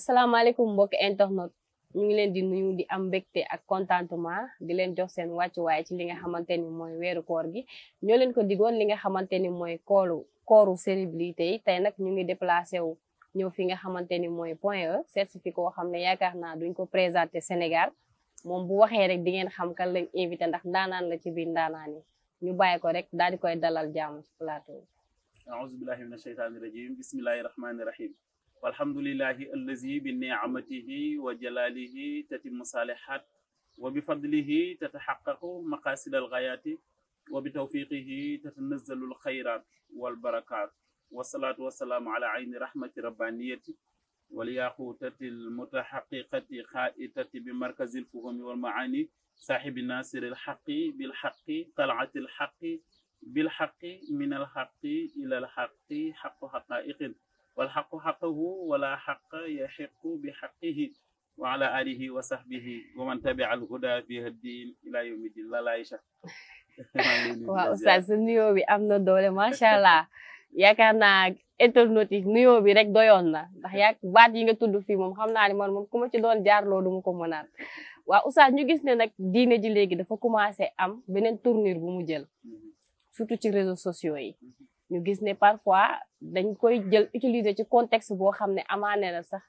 salaamaaleykum mbokki internet ñu ngi leen di nuyu di am mbégte ak contentement di leen jox seen wàccuwaay ci li nga xamante ni mooy weeru koor gi ñoo leen ko digoon li nga xamante ni mooy kooru kooru célébrité yi tey nag ñu ngi déplacé wu ñëw fi nga xamante ni mooy point E certifié koo xam ne yaakaar naa duñ ko présenté Sénégal moom bu waxee rek di ngeen xam kan invité ndax ndaanaan la ci biir ndaanaan yi ñu bàyyi ko rek daal di koy dalal jàmm ci walhamdulillahi allazi bi ni'amatihi wa jalalihi tatimmu salihat wa bi fadlihi tataxaqaqu maqasid alxayaati wa bi tawfiqihi tatanazzalu alxayrat walbarakat wasalaatu wasalaamu ala ayni rahmati rabbaniyati walyaqutati almutaxaqiqati xaitati bi markazi alfuhumi walmaani saaxibi nasiri alxaqi bilxaqi talaati alxaqi bilxaqi min alxaqi ila alxaqi xaqu xaqaiqin wal xaqu xaqahu wala bi wa ala alihi wa sa nuyoo bi am na doole macha allah yaakaar naa internet yi nuyoo bi rek doyoon na ndax yaa baat yi nga tudd fii moom xam naa ne man moom ku ma ci doon jaar loolu mu ko mënaat waaw oustaz ñu gis ne nag diine ji léegi dafa commencé am beneen tournure bu mu jël mm-hmm. surtout ci réseaux sociaux yi mm-hmm. ñu gis ne parfois dañ koy jël utiliser ci contexte boo xam ne amaane na sax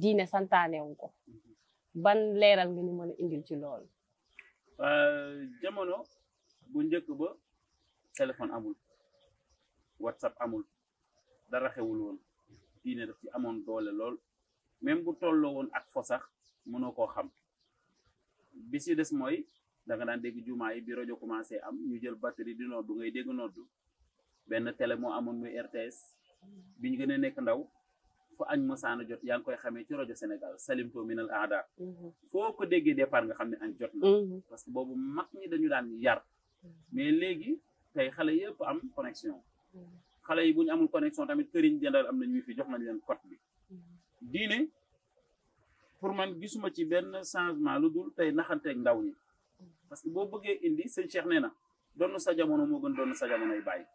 diine santaanewu ko ban leeral nga ñu mën a indil ci loolu euh, jamono bu njëkk ba téléphone amul whatsapp amul dara xewul woon diine daf ci amoon doole lool même bu tolloo woon ak fo sax mënoo koo xam bi si des mooy da nga daan dégg jumaa yi bi rajo commencé am ñu jël batterie di noddu ngay dégg noddu benn télé moo amoon muy RTS bi ñu gën a nekk ndaw fu añ mosaana jot yaa ngi koy xamee ci rajo Sénégal salimto minal aada mhm. foo ko déggee départ nga xam ne añ jot na mhm. parce que boobu mag ñi dañu daan yar mais léegi tey xale yëpp am connexion mhm. xale yi bu ñu amul connexion tamit këriñ jëndal am nañu fi jox nañ leen code bi diine pour man gisuma ci benn changement lu dul tey naxanteeg ndaw ñi parce que boo bëggee indi sëñ Cheikh nee na doon sa jamono moo gën doon sa jamonoy bàyyi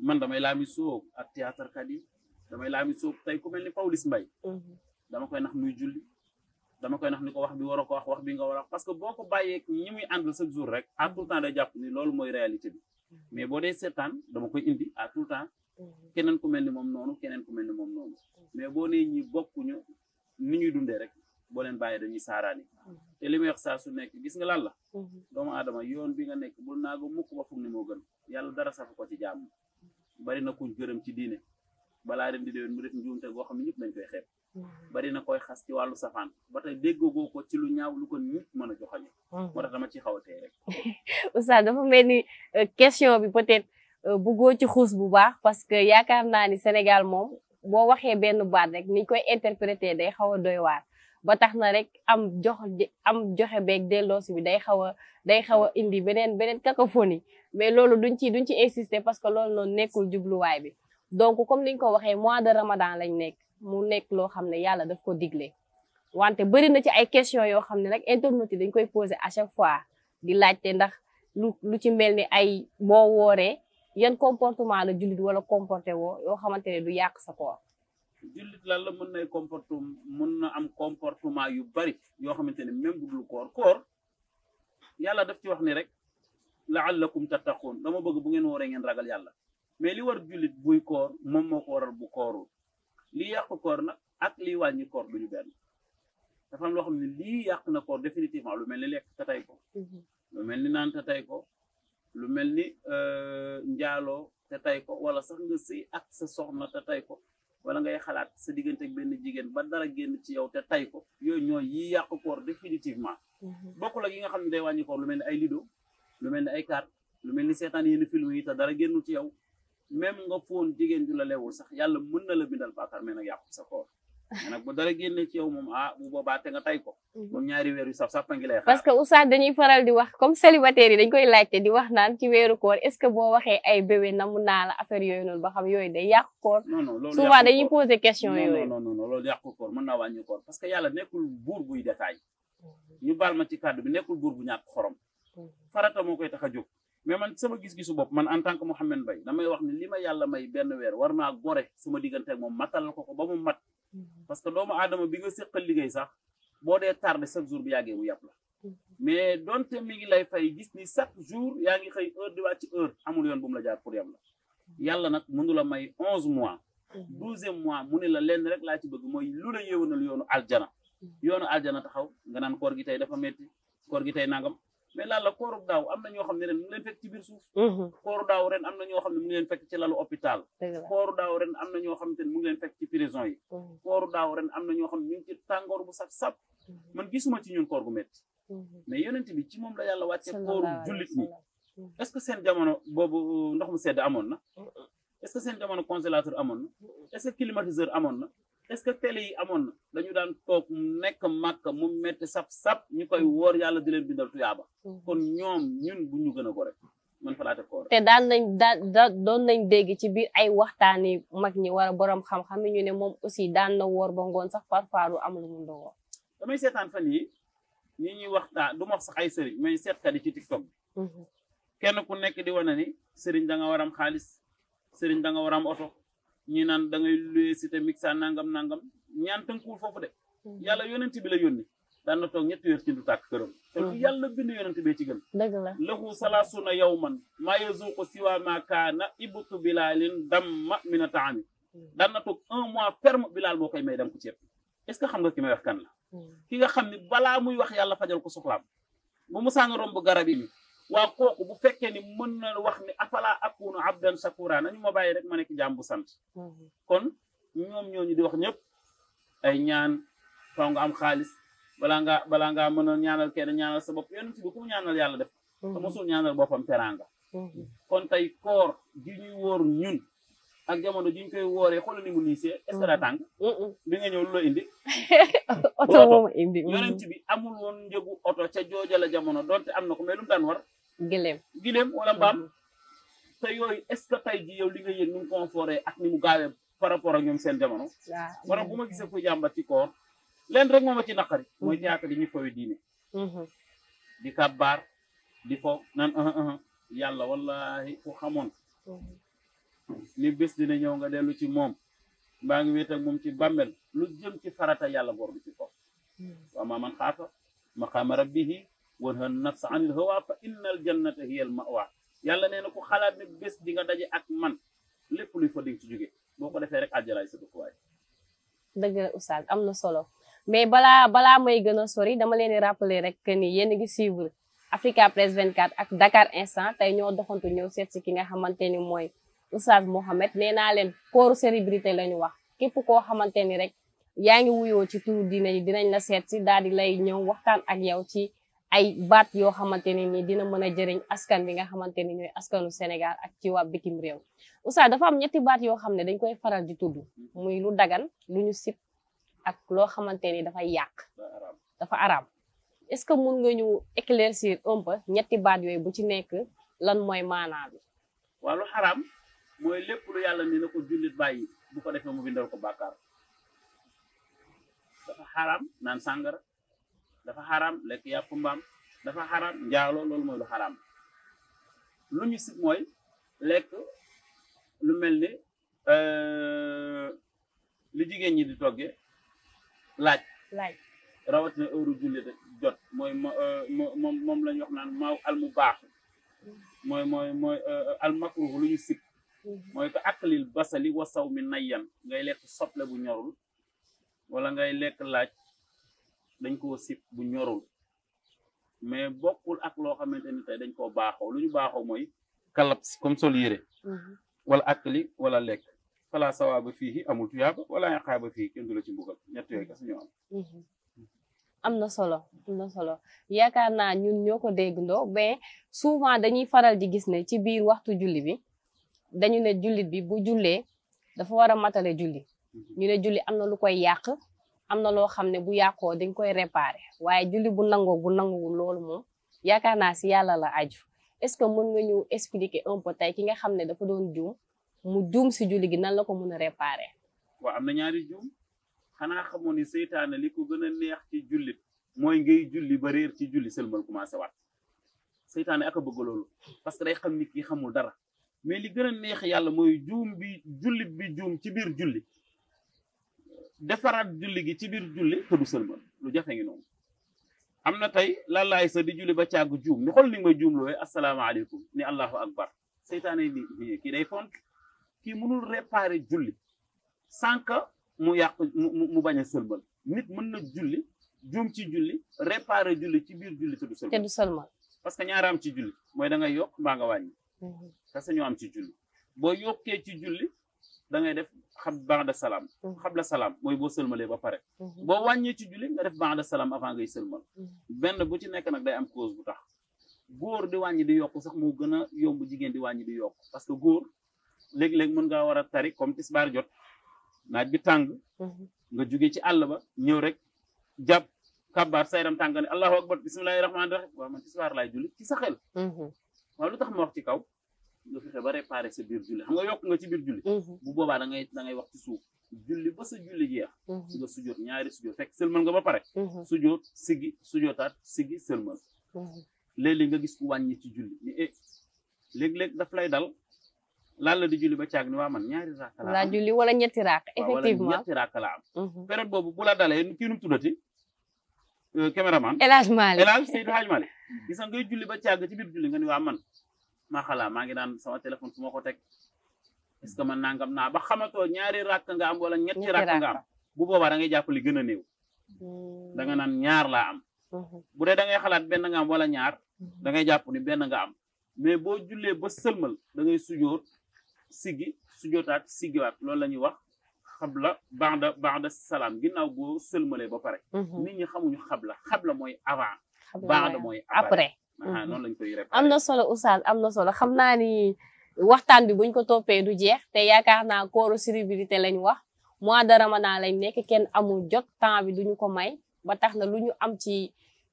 man damay laami soog ak théâtre kat yi damay laami soog tey ku mel ni Pawlish Mbaye mhm. dama koy nax muy julli dama koy nax ni ko wax bi war a ko wax wax bi nga war a wax parce que boo ko bàyyee ñi muy àndal chaque jour rek à tout temps day jàpp ni loolu mooy réalité bi mhm. mais boo dee seetaan dama koy indi à tout le temps mhm. keneen ku mel ni moom noonu keneen ku mel ni moom noonu mais boo nee ñi bokkuñu ni ñuy dundee rek boo leen bàyyee dañuy saaraani te li may wax nekk gis nga lan la doomu aadama yoon bi nga nekk bul naago mukk ba fum ni moo gën yàlla dara safu ko ci jàmm bari na kuñ gërëm ci diine balaa ren di déwén mu def njuumte goo xam ne ñëpp bari na koy xas ci wàllu safaan ba tey déggoo ko ci lu ñaaw lu ko nit mën a joxañu mm-hmm. moo tax dama ci xaw a tey dafa mel ni euh, question bi peut-être euh, buggoo ci xuus bu baax parce que yaakaar naa ni Sénégal moom boo waxee benn baat rek niñ koy interpréter day xaw a doy waar ba tax na rek am jox am joxe beeg delloosi bi day xaw a day xaw a indi beneen beneen cacophonie mais loolu duñ ci duñ ci insister parce que loolu noonu nekkul jubluwaay bi donc comme niñ ko waxee mois de ramadan lañ nekk mu nekk loo xam ne yàlla daf ko digle wante bëri na ci ay question yoo xam ne rek internautes yi dañ koy posé à chaque fois di laajte ndax lu lu ci mel ni ay boo wooree yan comportement la jullit wala comporté woo yoo xamante ne du yàq sa koor jullit lan la mën nay comporte mën na am comportement yu bari yoo xamante ne même bu dul koor koor yàlla daf ci wax ni rek laallakum tattaqoon dama bëgg bu ngeen woor wooree ngeen ragal yàlla mais li war jullit buy koor moom moo ko waral bu koorul lii yàq koor nag ak li wàññi bu ñu benn dafa am loo xam ne lii yàq na koor définitivement lu mel ni lekk ta mhm. tay ko lu mel ni naan ta tay ko lu mel ni njaaloo te tay ko wala sax nga sëy ak sa soxna te tay ko wala ngay xalaat sa diggante ak benn jigéen ba dara génn ci yow te tay ko yooyu ñooy yi yàq koor définitivement mhm. bokkul ak yi nga xam ne day wàññi koor lu mel ni ay lido lu mel ni ay carte lu mel ni seetaan yenn film yi te dara génnul ci yow même nga foon jigéen ju la leewul sax yàlla mën na la bindal bàkkaar mais nag yàqu sa koor mais nag bu dara génne ci yow moom ah bu boobaa nga tay ko. Mhm. moom ñaari weer yu saf sàppa ngi lay xaar. parce que oustaz dañuy faral di wax comme célibataire yi dañ koy laajte di wax naan ci weeru koor est ce que boo waxee ay bébé namu naa la affaire yooyu noonu ba xam yooyu day yàq koor. non non loolu souvent dañuy poser question yooyu. non non non loolu yàqu koor mën naa wàññi koor yàlla nekkul buur buy détail ñu baal ma ci kàddu bi nekkul buur bu ñàkk xorom. farata moo koy tax a jóg. mais man sama gis-gisu bopp man en tant que Mouhamed Mbaye damay wax ne li ma may benn weer war naa gore suma diggante ak ko parce que doomu aadama bi nga séqal liggéey sax boo dee tardé chaque jour bi yàggee mu yàpp la mais donte mi ngi lay fay gis ni chaque jour yaa ngi xëy heure di wàcc heure amul yoon bu la jaar pour yàpp la yàlla nag mënu la may onze mois douzième mois mu ne la lenn rek laa ci bëgg mooy lu la yéwénal yoonu aljana mm. yoonu aljana taxaw nga naan koor gi tey dafa metti koor gi tey nangam mais laal la kooru daaw am na ñoo xam ne ren mu ngi fekk ci biir suuf mhm. kooru daaw ren am na ñoo xam ne mu ngi leen fekk ci lalu hôpital kooru daaw ren am na ñoo xam ne mu ngi leen fekk ci prison yi mhm. kooru daaw ren am na ñoo xam ne ñu ngi ci tàngoor bu saf-saf mhm. man gisuma ci ñun koor gu met mais yonent bi ci moom la yàlla wàccee kooru jullit ñi est que seen jamono boobu euh, ndox mu sedd amoon na est jamono congélateur amoon na est-ce amoon na est-ce que télé yi amoon na dañu daan toog nekk màkk mu metti sap-sap ñu koy woor yàlla di leen bindal tuyaaba mhm. kon ñoom ñun bu ñu gën a gore man fa laata te daal nañ daa doon nañ dégg ci biir ay waxtaani mag ñi war borom xam-xam ne moom aussi daal na woor ba ngoon sax parfois du am lu mu doon woor damay seetaan fan yi ñi ñuy waxtaan du ma sax ay sëriñ mais seetkat yi ci tiktok bi mhm. kenn ku nekk di wane ni sëriñ da nga war xaalis sëriñ danga nga war am oto ñi naan da ngay luye cité mixa nangam nangam ñaan tënkuwul foofu de mm-hmm. yàlla yonent bi la yónni daan na toog ñetti weer ci du tàkk këram te lu mm-hmm. yàlla bind yonent bee ci gën dëgg la lahu salaasuna yawman maa yazuqu ma kaana ibtu bilaalin damma mina taami mm-hmm. na toog un mois ferme bilaal boo koy may dem ko ceeb est ce que xam nga ki may wax kan ki nga xam ni balaa muy wax yàlla fajal ko soxlaam bu mu sàng romb garab yi waa kooku bu fekkee ni mën na wax ni afala akunu abdan shakura nañu ma bàyyi rek ma nekk jaam bu sant mhm. kon ñoom ñooñu di wax ñëpp ay ñaan faw am xaalis balaa nga balaa ngaa mën a ñaanal kenn ñaanal sa bopp yonent bi ñaanal yàlla def te mhm. mosul ñaanal boppam teranga mhm. kon tey koor gi ñuy ñun ak jamono jiñ ñu koy wooree xoolal ni mu est ce que daa bi nga ñëw lu indi oto moom amul woon njëgu oto ca jooja la jamono donte am na ko mais lu war gileem gileem wala mbaam te yooyu est ce que tey ji yow li nga yëg ni mu ak ni mu gaawee par rapport ak ñoom seen jamono wala bu ma gisee ku jàmbat ci koor leen rek moo ma ci naqari mooy mhm. ñaata di ñuy fawe diine mhm. di kàbbaar di fo nan uh ah, ah, ah, yàlla wallahi ku xamoon mhm. ni bés dina ñëw nga dellu ci moom mbaa ngi wéet ak moom ci bàmmel lu jëm ci farata yàlla bor bi ci foofu waaw maa man xaafa wanha nafsa anil hawa fa innal jannata hiya al mawa yàlla nee na ku xalaat ne bés di nga daje ak man lépp luy fa di ci jóge boo ko defee rek àjjalaay sa dëkkuwaay da la oustaz am na solo mais balaa balaa may gën a sori dama leen di rappeler rek que ni yéen a ngi suivre Africa Press 24 ak Dakar Instant tey ñoo doxantu ñëw seet ki nga xamante ni mooy oustaz Mohamed nee naa leen kooru célébrité la ñu wax képp koo xamante ni rek yaa ngi wuyoo ci turu diine yi dinañ la seet si daal di lay ñëw waxtaan ak yow ci ay baat yoo xamante ne nii dina mën a jëriñ askan bi nga xamante ni ñooy askanu Sénégal ak ci waa bitim réew Oustaz dafa am ñetti baat yoo xam ne dañ koy faral di tudd muy lu dagan lu ñu sip ak loo xamante ni dafay yàq dafa araam est-ce que mun nga ñu éclaircir un peu ñetti baat yooyu bu ci nekk lan mooy maanaa bi waaw lu xaraam mooy lépp lu yàlla ni na ko jullit bàyyi bu ko defee mu dafa xaraam naan sàngara dafa xaraam lekk yàpp mbaam dafa xaraam njaaloo loolu mooy lu xaraam lu ñu mooy lekk lu mel ni euh, lu jigéen ñi di togge laaj laaj rawatina heure julli jot mooy euh, moom moom la ñu wax naan mu baax mooy mooy mooy euh, al makruh lu ñu sib mooy ko akalil basali wasaw mi nayyan ngay lekk soble bu ñorul wala ngay lekk laaj dañ ko sip bu ñorul mais bokkul ak loo xamante ni dañ koo baaxoo lu ñu baaxoo mooy kalab comme sol yére mhm. wala akli wala lekk fala sawaaba fii amul tuyaaba wala iqaaba fii kenn du la ci mbugal mhm. am na solo am na solo yaakaar naa ñun ñoo ko déggandoo mais souvent dañuy faral di gis ne ci biir waxtu julli bi dañu ne jullit bi bu jullee dafa war a matale julli mhm. ñu ne julli am na lu koy yàq am na loo xam ne bu yàqoo dañ koy réparer waaye julli bu nangoo bu nanguwul loolu moom yaakaar naa si yàlla la aju est-ce que mën nga ñu expliqué un peu tey ki nga xam ne dafa doon juum mu juum si julli gi nan la ko mën a réparer. waaw am na ñaari juum xanaa xamoon ni seytaane li ko gën a neex ci jullit mooy ngay julli ba réer ci julli sëlmal commencé waat seytaane ak a bëgg loolu parce que day xam ni kii xamul dara mais li gën a neex yàlla mooy juum bi jullit bi juum ci biir julli. defaraat julli gi ci biir julli te du sëlmal lu jafe ngi noonu am na tey lallaay sa di julli ba càgg juum ni xool ni nga juumloowe asalaamaaleykum ni allahu akbar seytaane ni kii day font kii mënul réparer julli sans que mu yàq mu bañ a nit mën na julli juum ci julli réparer julli ci biir julli te du sëlmal te parce que ñaara am ci julli mooy da ngay yokk mbaa nga wàññi. Mhm. parce que ñu am ci julli boo yokkee ci julli da ngay def xam ba'da salaam mm-hmm. xabla salaam mooy boo sëlmalee ba pare mm-hmm. boo wàññee ci julli nga def ba'da salaam avant ngay sëlmal mm-hmm. benn bu ci nekk nag day am cause bu tax góor di wàññi di yokk sax moo gën a yomb jigéen di wàññi di yokk parce que góor léeg-léeg mën ngaa war a tari comme tisbaar jot naaj bi tàng nga jóge ci àll ba ñëw rek jàpp kàbbaar sayram tàng ne allahu akbar bismillahi rahmaani rahim waaw man tisbaar laay julli ci sa xel lu tax ma nga fexe ba réparé sa biir julli xam nga yokk nga ci julli mhm. bu boobaa da ngay da ngay wax ci suuf julli ba sa julli jeex mhm. nga sujjoot ñaari sujjoot fekk sëlmal nga ba pare mhm. sujjoot sigi sujjootaat sigi sëlmal léeg-léeg nga gis ku wàññi ci julli ni eh léeg-léeg daf dal laal la di julli ba caag ni waa ñaari raaka la am julli wala ñetti raaka effectivement wala ñetti raaka la am période boobu bu la dalee kii nu mu tuddati euh, caméraman El Hadj Malick El Hadj Seydou Hadj Malick gis nga ngay julli ba caag ci biir julli nga maa xalaa maa ngi daan sama téléphone fu ma ko teg est-ce que man nangam naa ba xamatoo ñaari rakk nga am wala ñetti rakk nga am bu boobaa da ngay jàpp li gën a néew hmm. da nga naan ñaar laa am hmm. bu dee da ngay xalaat benn nga am wala ñaar dangay ngay jàpp ni benn nga am mais boo julee ba sëlmal da ngay sujoor siggi sujootaat siggiwaat loolu la ñuy wax xabla ba'da ba'da salaam ginnaaw boo sëlmalee ba pare hmm. nit ñi xamuñu xabla xabla mooy avant ba'da mooy après Mhm. noonu lañ am na solo oustaz am na solo xam naa ni waxtaan bi buñ ko toppee du jeex te yaakaar naa kooru célébrité lañ wax mois dara de ramadan lañ nekk kenn amul jot temps bi du ñu ko may ba tax na lu ñu am ci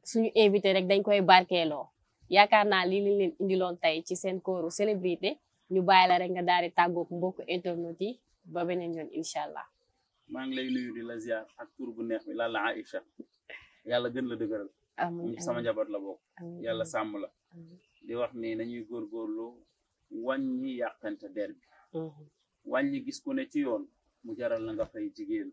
suñu invité rek dañ koy barkeeloo yaakaar naa lii li leen indiloon tey ci seen kooru célébrité ñu bàyyi la rek nga daal di tàggoog mbokku internet yi ba beneen yoon incha allah. maa ngi di la ziar ak tur bu neex mi la la Aïcha yàlla gën la amiin sama njaboot la bokk. yàlla sàmm la. di wax ni nañuy góorgóorlu wàññi yàqante der bi. Mhm. wàññi gis ku ne ci yoon mu jaral la nga fay jigéen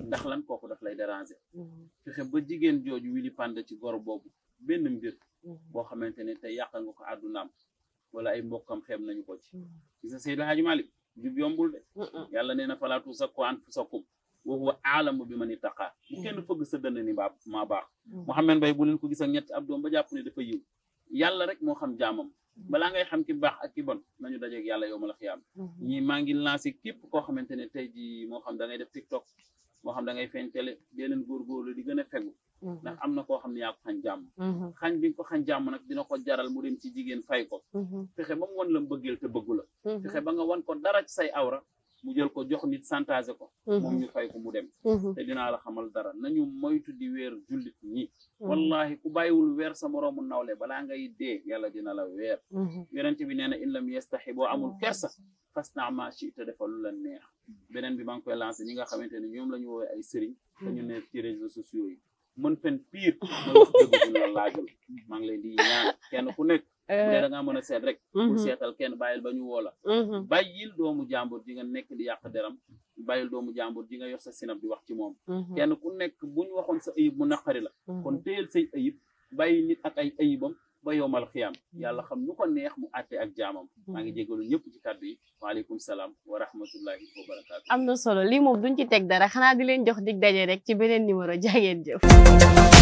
ndax lan kooku daf lay déranger. Mhm. fexe ba jigéen jooju wili pand ci gor boobu benn mbir. Mhm. boo xamante ne te yàq nga ko àddunaam wala ay mbokkam xeeb nañu ko ci. gis nga Seydou Hadj Malick jub yombul de. yàlla nee na falaatu sa ko an wa huwa aalamu bi man ittaqa bu kenn fëgg sa dënn ni baa maa baax Mouhamed Mbaye bu leen ko gis ak ñetti ab doom ba jàpp ne dafa yiw yàlla rek moo xam jaamam balaa ngay xam ki baax ak ki bon nañu dajeeg yàlla yow ma la xiyaam ñi maa ngi lancé képp koo xamante ne tey moo xam da ngay def tiktok moo xam da ngay feeñ télé beneen góorgóorlu di gën a fegu ndax am na koo xam ne yaa ko xañ jàmm xañ bi nga ko xañ jàmm nag dina ko jaral mu dem ci jigéen fay ko fexe ba mu wan la mbëggeel te bëggu mu ko jox nit santage ko mhm. moom ñu fay ko mu dem mhm. te dinaa la xamal dara nañu moytu di weer jullit ñi mhm. wallahi ku bàyyiwul weer sa moroomu nawle balaa ngay dee yàlla dina la weer yonente bi nee na in lam boo amul kersa fas naa ma ci te defal la neex beneen bi maa ngi koy lancé ñi nga xamante ne ñoom la ñu woowee ay sëriñ dañu ne ci réseaux sociaux yi mën fen pire mën dëgg la laajal maa ngi leen di ñaan kenn ku nekk Eh. bu dee da ngaa mën a seet rek mhm. pour seetal kenn bàyyil ba ñu woo la mhm. bàyyil doomu jàmbur ji nga nekk di yàq deram bàyyil doomu jàmbur ji nga yor sa sinab di wax ci moom mhm. kenn ku nekk buñ waxoon sa ayib mu naqari la kon téyel say ayib bàyyi nit ak ay ayibam ba yowmal xiyaam yàlla xam nu ko neex mu àtte ak jaamam maa ngi jégalu ñëpp ci kàddu yi waaleykum salaam wa rahmatullahi wa barakaatu am na solo lii moom duñ ci teg dara xanaa di leen jox di daje rek ci beneen numéro jaa ngeen jëf